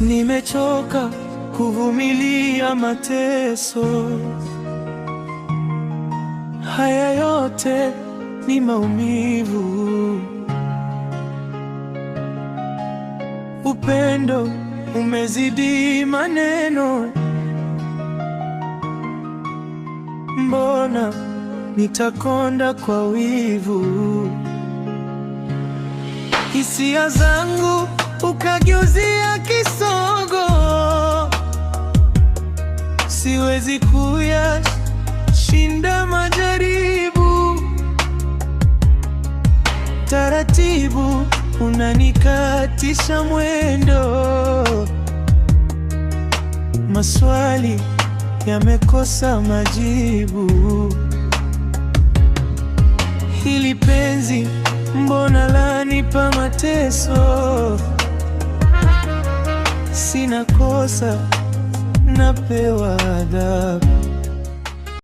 Nimechoka kuvumilia mateso haya, yote ni maumivu. Upendo umezidi maneno, mbona nitakonda kwa wivu hisia zangu ukagi siwezi kuyashinda majaribu, taratibu unanikatisha mwendo, maswali yamekosa majibu. Hili penzi mbona lanipa mateso? Sina kosa napewa adabu